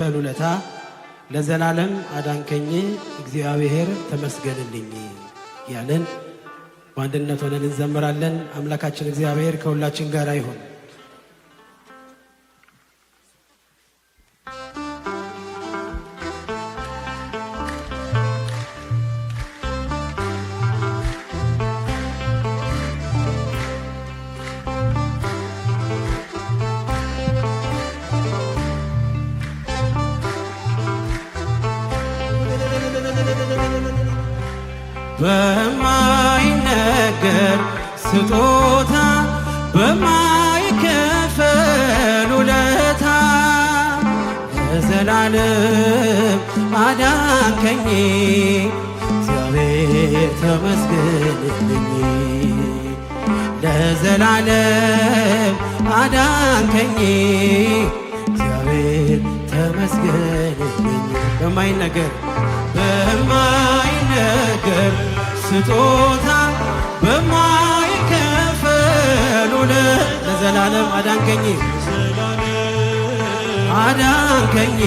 በሉለታ ለዘላለም አዳንከኝ እግዚአብሔር ተመስገንልኝ ያለን በአንድነት ሆነን እንዘምራለን። አምላካችን እግዚአብሔር ከሁላችን ጋር ይሁን። በማይነገር ስጦታ በማይከፈል ውለታ ለዘላለም አዳንከኝ እግዚአብሔር ተመስገንልኝ ለዘላለም አዳንከኝ እግዚአብሔር ተመስገንልኝ በማይነገር በማይነገር ስጦታ በማይከፈል ለዘላለም አዳንከኝ አዳንከኝ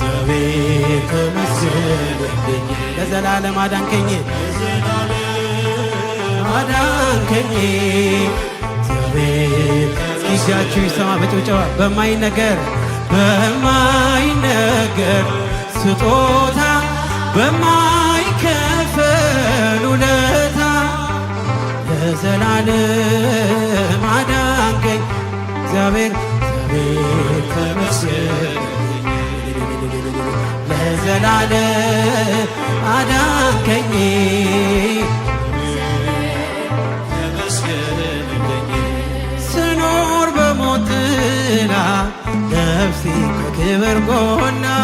ዘቤተ ምስልኝ ለዘላለም አዳንከኝ አዳንከኝ ዘቤተ ይሻችሁ ይሰማ በጭብጨባ በማይነገር በማይነገር ስጦታ በማይከፈል ውለታ ለዘላለም አዳንከኝ እግዚአብሔር እግዚአብሔር ተመስገን አዳንከኝ ስኖር በሞት ጥላ ነፍሴ ከክብር ጎና